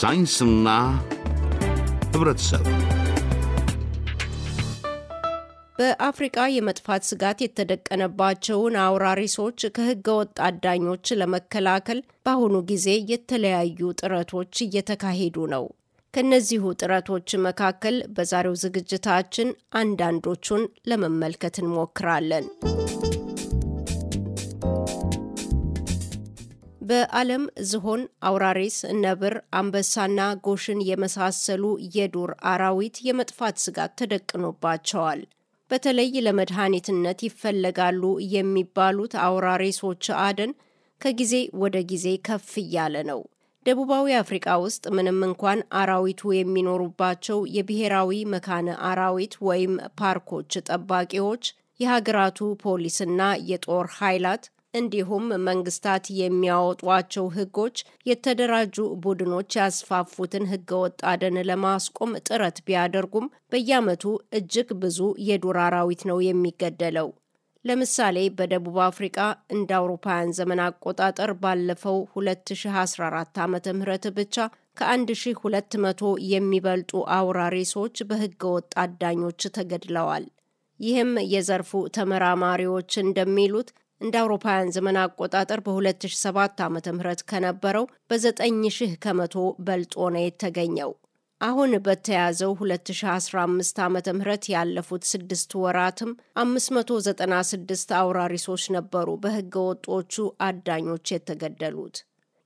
ሳይንስና ህብረተሰብ በአፍሪቃ የመጥፋት ስጋት የተደቀነባቸውን አውራሪሶች ከህገ ወጥ አዳኞች ለመከላከል በአሁኑ ጊዜ የተለያዩ ጥረቶች እየተካሄዱ ነው። ከእነዚሁ ጥረቶች መካከል በዛሬው ዝግጅታችን አንዳንዶቹን ለመመልከት እንሞክራለን። በዓለም ዝሆን፣ አውራሪስ፣ ነብር፣ አንበሳና ጎሽን የመሳሰሉ የዱር አራዊት የመጥፋት ስጋት ተደቅኖባቸዋል። በተለይ ለመድኃኒትነት ይፈለጋሉ የሚባሉት አውራሪሶች አደን ከጊዜ ወደ ጊዜ ከፍ እያለ ነው። ደቡባዊ አፍሪቃ ውስጥ ምንም እንኳን አራዊቱ የሚኖሩባቸው የብሔራዊ መካነ አራዊት ወይም ፓርኮች ጠባቂዎች የሀገራቱ ፖሊስና የጦር ኃይላት እንዲሁም መንግስታት የሚያወጧቸው ህጎች የተደራጁ ቡድኖች ያስፋፉትን ህገወጥ አደን ለማስቆም ጥረት ቢያደርጉም በየዓመቱ እጅግ ብዙ የዱር አራዊት ነው የሚገደለው። ለምሳሌ በደቡብ አፍሪቃ እንደ አውሮፓውያን ዘመን አቆጣጠር ባለፈው 2014 ዓ ም ብቻ ከ1200 የሚበልጡ አውራሪሶች በህገወጥ አዳኞች ተገድለዋል። ይህም የዘርፉ ተመራማሪዎች እንደሚሉት እንደ አውሮፓውያን ዘመን አቆጣጠር በ2007 ዓ ም ከነበረው በ9000 ከመቶ በልጦ ነው የተገኘው። አሁን በተያዘው 2015 ዓ ም ያለፉት ስድስት ወራትም 596 አውራሪሶች ነበሩ በህገ ወጦቹ አዳኞች የተገደሉት።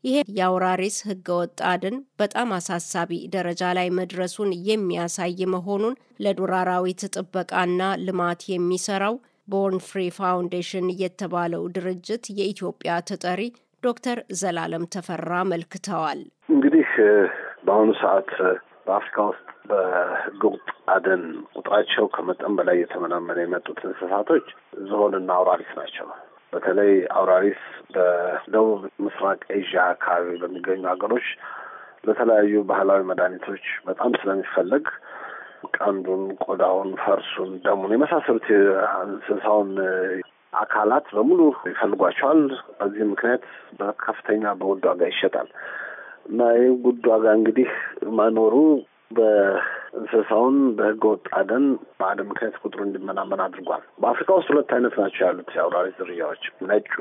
ይሄ የአውራሪስ ህገ ወጥ አድን በጣም አሳሳቢ ደረጃ ላይ መድረሱን የሚያሳይ መሆኑን ለዱር አራዊት ጥበቃና ልማት የሚሰራው ቦርን ፍሪ ፋውንዴሽን የተባለው ድርጅት የኢትዮጵያ ተጠሪ ዶክተር ዘላለም ተፈራ አመልክተዋል። እንግዲህ በአሁኑ ሰዓት በአፍሪካ ውስጥ በህገወጥ አደን ቁጥራቸው ከመጠን በላይ የተመናመነ የመጡት እንስሳቶች ዝሆንና አውራሪስ ናቸው። በተለይ አውራሪስ በደቡብ ምስራቅ ኤዥያ አካባቢ በሚገኙ ሀገሮች ለተለያዩ ባህላዊ መድኃኒቶች በጣም ስለሚፈለግ ቀንዱን፣ ቆዳውን፣ ፈርሱን፣ ደሙን የመሳሰሉት እንስሳውን አካላት በሙሉ ይፈልጓቸዋል። በዚህ ምክንያት በከፍተኛ በውድ ዋጋ ይሸጣል እና ይህ ውድ ዋጋ እንግዲህ መኖሩ በ እንስሳውን በህገ ወጥ አደን በአደን ምክንያት ቁጥሩ እንዲመናመን አድርጓል። በአፍሪካ ውስጥ ሁለት አይነት ናቸው ያሉት የአውራሪስ ዝርያዎች ነጩ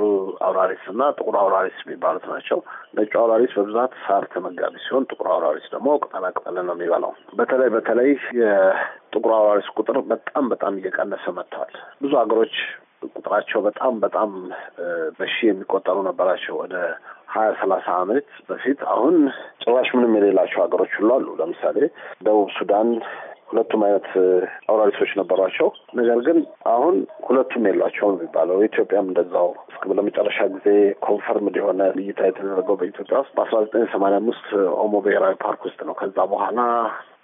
አውራሪስ እና ጥቁር አውራሪስ የሚባሉት ናቸው። ነጩ አውራሪስ በብዛት ሳር ተመጋቢ ሲሆን፣ ጥቁር አውራሪስ ደግሞ ቅጠላ ቅጠል ነው የሚበላው። በተለይ በተለይ የጥቁር አውራሪስ ቁጥር በጣም በጣም እየቀነሰ መጥተዋል። ብዙ ሀገሮች ቁጥራቸው በጣም በጣም በሺ የሚቆጠሩ ነበራቸው ወደ ሀያ ሰላሳ አመት በፊት አሁን ጭራሽ ምንም የሌላቸው ሀገሮች ሁሉ አሉ። ለምሳሌ ደቡብ ሱዳን ሁለቱም አይነት አውራሪሶች ነበሯቸው። ነገር ግን አሁን ሁለቱም የሏቸውም የሚባለው ኢትዮጵያም እንደዛው እስክ ለመጨረሻ ጊዜ ኮንፈርምድ የሆነ እይታ የተደረገው በኢትዮጵያ ውስጥ በአስራ ዘጠኝ ሰማንያ አምስት ኦሞ ብሔራዊ ፓርክ ውስጥ ነው። ከዛ በኋላ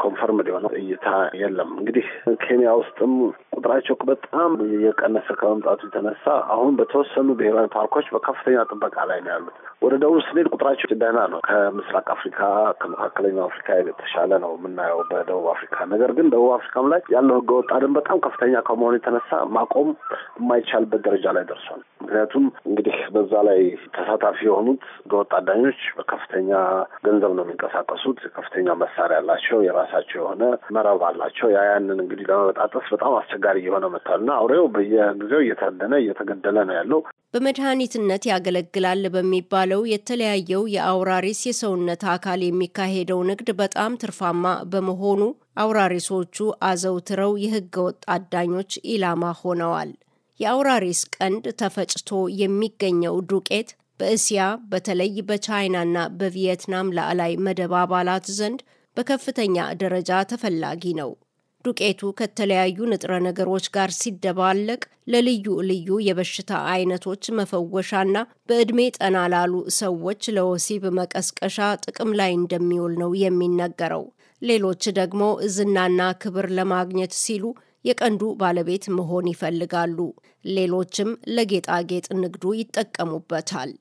ኮንፈርምድ የሆነ እይታ የለም። እንግዲህ ኬንያ ውስጥም ቁጥራቸው በጣም የቀነሰ ከመምጣቱ የተነሳ አሁን በተወሰኑ ብሔራዊ ፓርኮች በከፍተኛ ጥበቃ ላይ ነው ያሉት። ወደ ደቡብ ስንሄድ ቁጥራቸው ደህና ነው። ከምስራቅ አፍሪካ፣ ከመካከለኛው አፍሪካ የተሻለ ነው የምናየው በደቡብ አፍሪካ ነገር ግን ደቡብ አፍሪካም ላይ ያለው ህገወጥ አደን በጣም ከፍተኛ ከመሆኑ የተነሳ ማቆም የማይቻልበት ደረጃ ላይ ደርሷል። ምክንያቱም እንግዲህ በዛ ላይ ተሳታፊ የሆኑት ህገ ህገወጥ አዳኞች በከፍተኛ ገንዘብ ነው የሚንቀሳቀሱት። ከፍተኛ መሳሪያ አላቸው፣ የራሳቸው የሆነ መረብ አላቸው። ያ ያንን እንግዲህ ለመበጣጠስ በጣም አስቸጋሪ እየሆነ መጥቷል እና አውሬው በየጊዜው እየታደነ እየተገደለ ነው ያለው። በመድኃኒትነት ያገለግላል በሚባለው የተለያየው የአውራሪስ የሰውነት አካል የሚካሄደው ንግድ በጣም ትርፋማ በመሆኑ አውራሪሶቹ አዘውትረው የህገወጥ አዳኞች ኢላማ ሆነዋል። የአውራሪስ ቀንድ ተፈጭቶ የሚገኘው ዱቄት በእስያ በተለይ በቻይናና በቪየትናም ላዕላይ መደብ አባላት ዘንድ በከፍተኛ ደረጃ ተፈላጊ ነው። ዱቄቱ ከተለያዩ ንጥረ ነገሮች ጋር ሲደባለቅ ለልዩ ልዩ የበሽታ አይነቶች መፈወሻና በዕድሜ ጠና ላሉ ሰዎች ለወሲብ መቀስቀሻ ጥቅም ላይ እንደሚውል ነው የሚነገረው። ሌሎች ደግሞ ዝናና ክብር ለማግኘት ሲሉ የቀንዱ ባለቤት መሆን ይፈልጋሉ። ሌሎችም ለጌጣጌጥ ንግዱ ይጠቀሙበታል።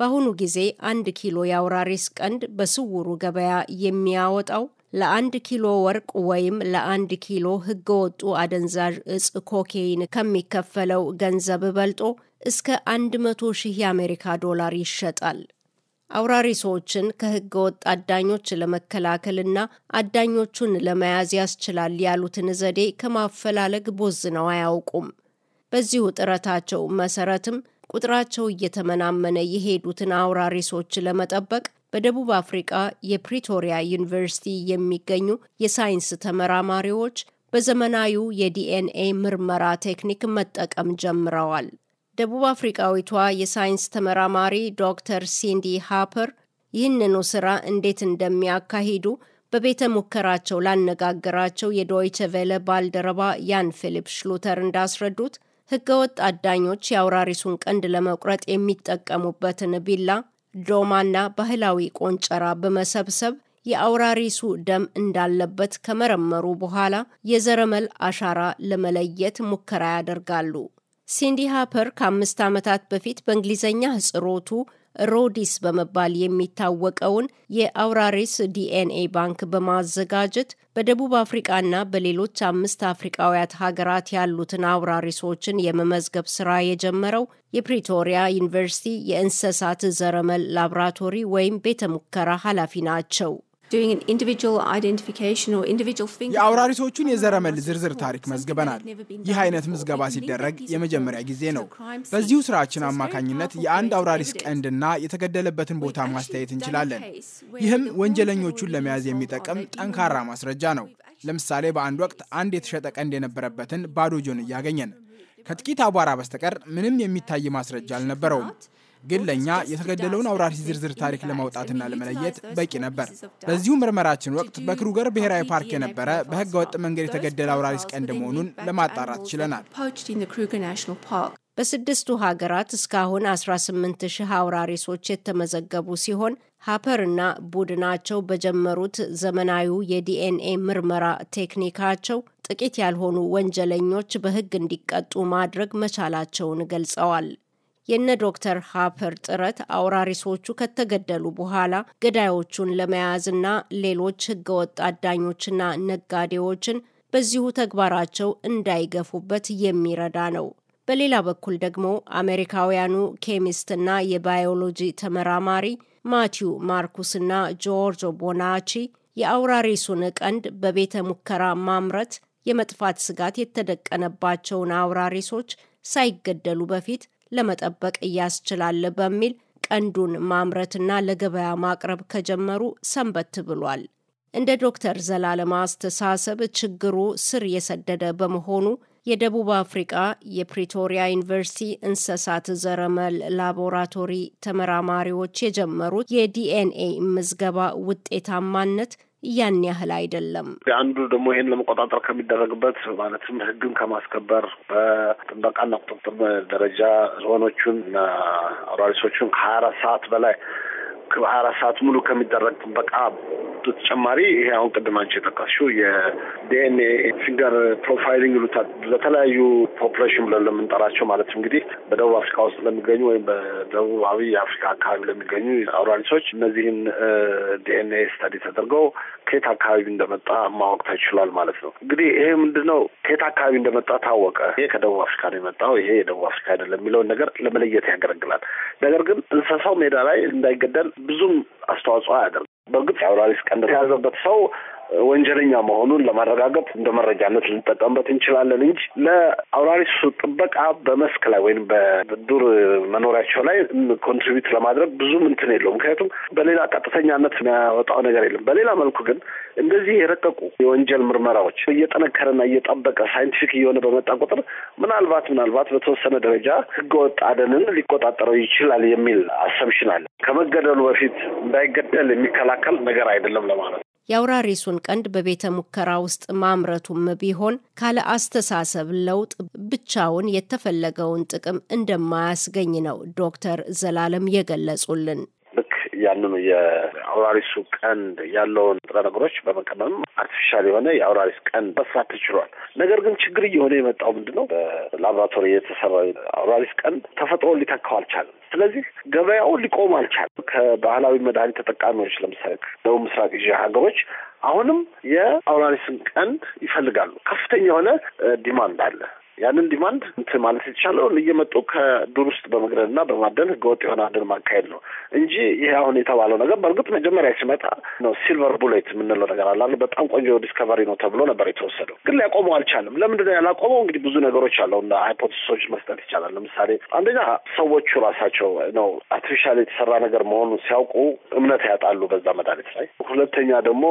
በአሁኑ ጊዜ አንድ ኪሎ የአውራሪስ ቀንድ በስውሩ ገበያ የሚያወጣው ለአንድ ኪሎ ወርቅ ወይም ለአንድ ኪሎ ህገወጡ አደንዛዥ እጽ ኮኬይን ከሚከፈለው ገንዘብ በልጦ እስከ 100 ሺህ የአሜሪካ ዶላር ይሸጣል። አውራሪሶችን ከህገ ወጥ አዳኞች ለመከላከልና አዳኞቹን ለመያዝ ያስችላል ያሉትን ዘዴ ከማፈላለግ ቦዝነው አያውቁም። በዚሁ ጥረታቸው መሰረትም ቁጥራቸው እየተመናመነ የሄዱትን አውራሪሶች ለመጠበቅ በደቡብ አፍሪቃ የፕሪቶሪያ ዩኒቨርሲቲ የሚገኙ የሳይንስ ተመራማሪዎች በዘመናዊ የዲኤንኤ ምርመራ ቴክኒክ መጠቀም ጀምረዋል። ደቡብ አፍሪቃዊቷ የሳይንስ ተመራማሪ ዶክተር ሲንዲ ሃፐር ይህንኑ ስራ እንዴት እንደሚያካሂዱ በቤተ ሙከራቸው ላነጋገራቸው የዶይቸ ቬለ ባልደረባ ያን ፊሊፕ ሽሉተር እንዳስረዱት ህገወጥ አዳኞች የአውራሪሱን ቀንድ ለመቁረጥ የሚጠቀሙበትን ቢላ ዶማና ባህላዊ ቆንጨራ በመሰብሰብ የአውራሪሱ ደም እንዳለበት ከመረመሩ በኋላ የዘረመል አሻራ ለመለየት ሙከራ ያደርጋሉ። ሲንዲ ሃፐር ከአምስት ዓመታት በፊት በእንግሊዝኛ ህጽሮቱ ሮዲስ በመባል የሚታወቀውን የአውራሪስ ዲኤንኤ ባንክ በማዘጋጀት በደቡብ አፍሪቃና በሌሎች አምስት አፍሪቃውያት ሀገራት ያሉትን አውራሪሶችን የመመዝገብ ስራ የጀመረው የፕሪቶሪያ ዩኒቨርሲቲ የእንስሳት ዘረመል ላብራቶሪ ወይም ቤተ ሙከራ ኃላፊ ናቸው። የአውራሪሶቹን የዘረመል ዝርዝር ታሪክ መዝግበናል። ይህ አይነት ምዝገባ ሲደረግ የመጀመሪያ ጊዜ ነው። በዚሁ ስራችን አማካኝነት የአንድ አውራሪስ ቀንድና የተገደለበትን ቦታ ማስተያየት እንችላለን። ይህም ወንጀለኞቹን ለመያዝ የሚጠቅም ጠንካራ ማስረጃ ነው። ለምሳሌ በአንድ ወቅት አንድ የተሸጠ ቀንድ የነበረበትን ባዶ ጆን አገኘን። ከጥቂት አቧራ በስተቀር ምንም የሚታይ ማስረጃ አልነበረውም። ግን ለእኛ የተገደለውን አውራሪስ ዝርዝር ታሪክ ለማውጣትና ለመለየት በቂ ነበር። በዚሁ ምርመራችን ወቅት በክሩገር ብሔራዊ ፓርክ የነበረ በህገ ወጥ መንገድ የተገደለ አውራሪስ ቀንድ መሆኑን ለማጣራት ችለናል። በስድስቱ ሀገራት እስካሁን 18 ሺህ አውራሪሶች የተመዘገቡ ሲሆን ሀፐርና ቡድናቸው በጀመሩት ዘመናዊ የዲኤንኤ ምርመራ ቴክኒካቸው ጥቂት ያልሆኑ ወንጀለኞች በህግ እንዲቀጡ ማድረግ መቻላቸውን ገልጸዋል። የነ ዶክተር ሃፐር ጥረት አውራሪሶቹ ከተገደሉ በኋላ ገዳዮቹን ለመያዝና ሌሎች ህገወጥ አዳኞችና ነጋዴዎችን በዚሁ ተግባራቸው እንዳይገፉበት የሚረዳ ነው። በሌላ በኩል ደግሞ አሜሪካውያኑ ኬሚስትና የባዮሎጂ ተመራማሪ ማቲው ማርኩስና ጆርጆ ቦናቺ የአውራሪሱን ቀንድ በቤተ ሙከራ ማምረት የመጥፋት ስጋት የተደቀነባቸውን አውራሪሶች ሳይገደሉ በፊት ለመጠበቅ ያስችላል በሚል ቀንዱን ማምረትና ለገበያ ማቅረብ ከጀመሩ ሰንበት ብሏል። እንደ ዶክተር ዘላለም አስተሳሰብ ችግሩ ስር የሰደደ በመሆኑ የደቡብ አፍሪቃ የፕሪቶሪያ ዩኒቨርሲቲ እንስሳት ዘረመል ላቦራቶሪ ተመራማሪዎች የጀመሩት የዲኤንኤ ምዝገባ ውጤታማነት ያን ያህል አይደለም። አንዱ ደግሞ ይሄን ለመቆጣጠር ከሚደረግበት ማለትም ህግን ከማስከበር በጥበቃና ቁጥጥር ደረጃ ዞኖቹን አውራሪሶቹን ከሀያ አራት ሰዓት በላይ ከሀያ አራት ሰዓት ሙሉ ከሚደረግ ጥበቃ በተጨማሪ ይሄ አሁን ቅድም አንቺ የጠቀስሽው የዲኤንኤ ፊንገር ፕሮፋይሊንግ ይሉታል። ለተለያዩ ፖፕሌሽን ብለን ለምንጠራቸው ማለት እንግዲህ በደቡብ አፍሪካ ውስጥ ለሚገኙ ወይም በደቡባዊ የአፍሪካ አካባቢ ለሚገኙ አውራሪሶች እነዚህን ዲኤንኤ ስታዲ ተደርገው ከየት አካባቢ እንደመጣ ማወቅ ተችሏል ማለት ነው። እንግዲህ ይሄ ምንድን ነው ከየት አካባቢ እንደመጣ ታወቀ። ይሄ ከደቡብ አፍሪካ ነው የመጣው፣ ይሄ የደቡብ አፍሪካ አይደለም የሚለውን ነገር ለመለየት ያገለግላል። ነገር ግን እንስሳው ሜዳ ላይ እንዳይገደል ብዙም አስተዋጽኦ አያደርግም። በእርግጥ የአውራሪስ ቀንድ የያዘበት ሰው ወንጀለኛ መሆኑን ለማረጋገጥ እንደ መረጃነት ልንጠቀምበት እንችላለን እንጂ ለአውራሪሱ ጥበቃ በመስክ ላይ ወይም በዱር መኖሪያቸው ላይ ኮንትሪቢዩት ለማድረግ ብዙ ምንትን የለው። ምክንያቱም በሌላ ቀጥተኛነት የሚያወጣው ነገር የለም። በሌላ መልኩ ግን እንደዚህ የረቀቁ የወንጀል ምርመራዎች እየጠነከረና እየጠበቀ ሳይንቲፊክ እየሆነ በመጣ ቁጥር ምናልባት ምናልባት በተወሰነ ደረጃ ህገወጥ አደንን ሊቆጣጠረው ይችላል የሚል አሰምሽን አለ። ከመገደሉ በፊት እንዳይገደል የሚከላከል ነገር አይደለም ለማለት የአውራሪሱን ቀንድ በቤተ ሙከራ ውስጥ ማምረቱም ቢሆን ካለ አስተሳሰብ ለውጥ ብቻውን የተፈለገውን ጥቅም እንደማያስገኝ ነው ዶክተር ዘላለም የገለጹልን። ያንኑ የአውራሪሱ ቀንድ ያለውን ንጥረ ነገሮች በመቀመም አርቲፊሻል የሆነ የአውራሪስ ቀንድ መስራት ተችሏል። ነገር ግን ችግር እየሆነ የመጣው ምንድን ነው? በላቦራቶሪ የተሰራ አውራሪስ ቀንድ ተፈጥሮ ሊተካው አልቻለም። ስለዚህ ገበያው ሊቆም አልቻለም። ከባህላዊ መድኃኒት ተጠቃሚዎች ለምሳሌ ደቡብ ምስራቅ ኤዥያ ሀገሮች አሁንም የአውራሪስን ቀንድ ይፈልጋሉ። ከፍተኛ የሆነ ዲማንድ አለ። ያንን ዲማንድ እንትን ማለት የተቻለው እየመጡ ከዱር ውስጥ በመግደል እና በማደን ህገወጥ የሆነ አደን ማካሄድ ነው እንጂ ይሄ አሁን የተባለው ነገር በእርግጥ መጀመሪያ ሲመጣ ነው ሲልቨር ቡሌት የምንለው ነገር አለ። በጣም ቆንጆ ዲስከቨሪ ነው ተብሎ ነበር የተወሰደው፣ ግን ሊያቆመው አልቻለም። ለምንድነው ያላቆመው? እንግዲህ ብዙ ነገሮች አለው እና ሃይፖቴሶች መስጠት ይቻላል። ለምሳሌ አንደኛ ሰዎቹ ራሳቸው ነው አርቲፊሻል የተሰራ ነገር መሆኑን ሲያውቁ እምነት ያጣሉ በዛ መድኃኒት ላይ። ሁለተኛ ደግሞ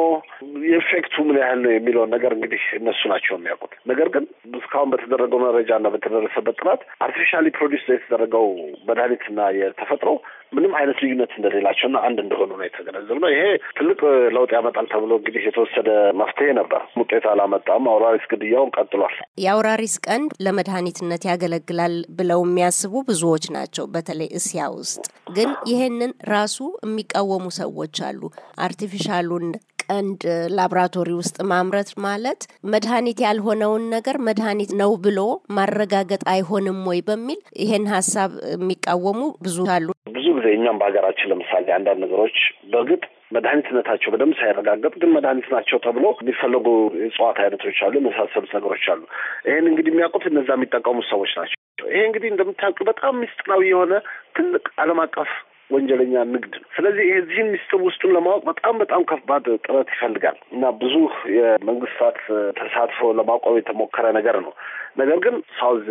የኢፌክቱ ምን ያህል ነው የሚለውን ነገር እንግዲህ እነሱ ናቸው የሚያውቁት። ነገር ግን እስካሁን በተደረገ በተደረገው መረጃና በተደረሰበት ጥናት አርቲፊሻሊ ፕሮዲስ የተደረገው መድኃኒትና የተፈጥሮ ምንም አይነት ልዩነት እንደሌላቸውና አንድ እንደሆኑ ነው ነው። ይሄ ትልቅ ለውጥ ያመጣል ተብሎ እንግዲህ የተወሰደ መፍትሄ ነበር። ውጤት አላመጣም። አውራሪስ ግድያውን ቀጥሏል። የአውራሪስ ቀንድ ለመድኃኒትነት ያገለግላል ብለው የሚያስቡ ብዙዎች ናቸው፣ በተለይ እስያ ውስጥ። ግን ይሄንን ራሱ የሚቃወሙ ሰዎች አሉ። አርቲፊሻሉን ቀንድ ላብራቶሪ ውስጥ ማምረት ማለት መድኃኒት ያልሆነውን ነገር መድኃኒት ነው ብሎ ማረጋገጥ አይሆንም ወይ በሚል ይሄን ሀሳብ የሚቃወሙ ብዙ አሉ። ብዙ ጊዜ እኛም በሀገራችን ለምሳሌ አንዳንድ ነገሮች በግጥ መድኃኒትነታቸው በደንብ ሳይረጋገጥ ግን መድኃኒት ናቸው ተብሎ የሚፈለጉ እጽዋት አይነቶች አሉ፣ የመሳሰሉት ነገሮች አሉ። ይህን እንግዲህ የሚያውቁት እነዛ የሚጠቀሙት ሰዎች ናቸው። ይሄ እንግዲህ እንደምታውቁ በጣም ምስጢራዊ የሆነ ትልቅ ዓለም አቀፍ ወንጀለኛ ንግድ ነው። ስለዚህ የዚህም ሚስጥር ውስጡን ለማወቅ በጣም በጣም ከባድ ጥረት ይፈልጋል እና ብዙ የመንግስታት ተሳትፎ ለማቆም የተሞከረ ነገር ነው። ነገር ግን ሳውዝ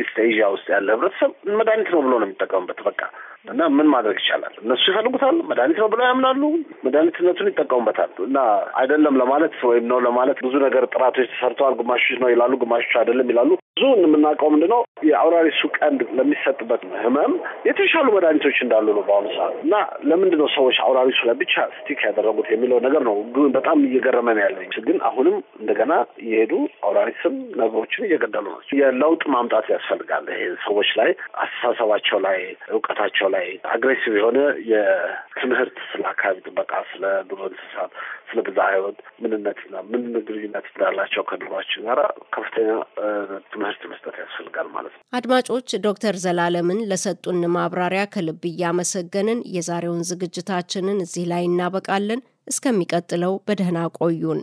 ኢስት ኤዥያ ውስጥ ያለ ህብረተሰብ መድኃኒት ነው ብሎ ነው የሚጠቀሙበት በቃ እና ምን ማድረግ ይቻላል? እነሱ ይፈልጉታል፣ መድኃኒት ነው ብለው ያምናሉ፣ መድኃኒትነቱን ይጠቀሙበታል። እና አይደለም ለማለት ወይም ነው ለማለት ብዙ ነገር ጥራቶች ተሰርተዋል፣ ግማሾች ነው ይላሉ፣ ግማሾች አይደለም ይላሉ። ብዙ የምናውቀው ምንድን ነው የአውራሪሱ ቀንድ ለሚሰጥበት ህመም የተሻሉ መድኃኒቶች እንዳሉ ነው በአሁኑ ሰዓት እና ለምንድን ነው ሰዎች አውራሪሱ ላይ ብቻ ስቲክ ያደረጉት የሚለው ነገር ነው ግን በጣም እየገረመ ነው ያለኝ። ግን አሁንም እንደገና እየሄዱ አውራሪስም ነገሮችን እየገደሉ ነው የለውጥ ማምጣት ያስፈልጋል። ይሄ ሰዎች ላይ አስተሳሰባቸው ላይ እውቀታቸው ላይ አግሬሲቭ የሆነ የትምህርት ስለ አካባቢ ጥበቃ፣ ስለ ዱሮ እንስሳት፣ ስለ ብዛ ህይወት ምንነትና ምን ግንኙነት እንዳላቸው ከድሯችን ጋር ከፍተኛ ትምህርት መስጠት ያስፈልጋል ማለት ነው። አድማጮች ዶክተር ዘላለምን ለሰጡን ማብራሪያ ከልብ እያመሰገንን የዛሬውን ዝግጅታችንን እዚህ ላይ እናበቃለን። እስከሚቀጥለው በደህና ቆዩን።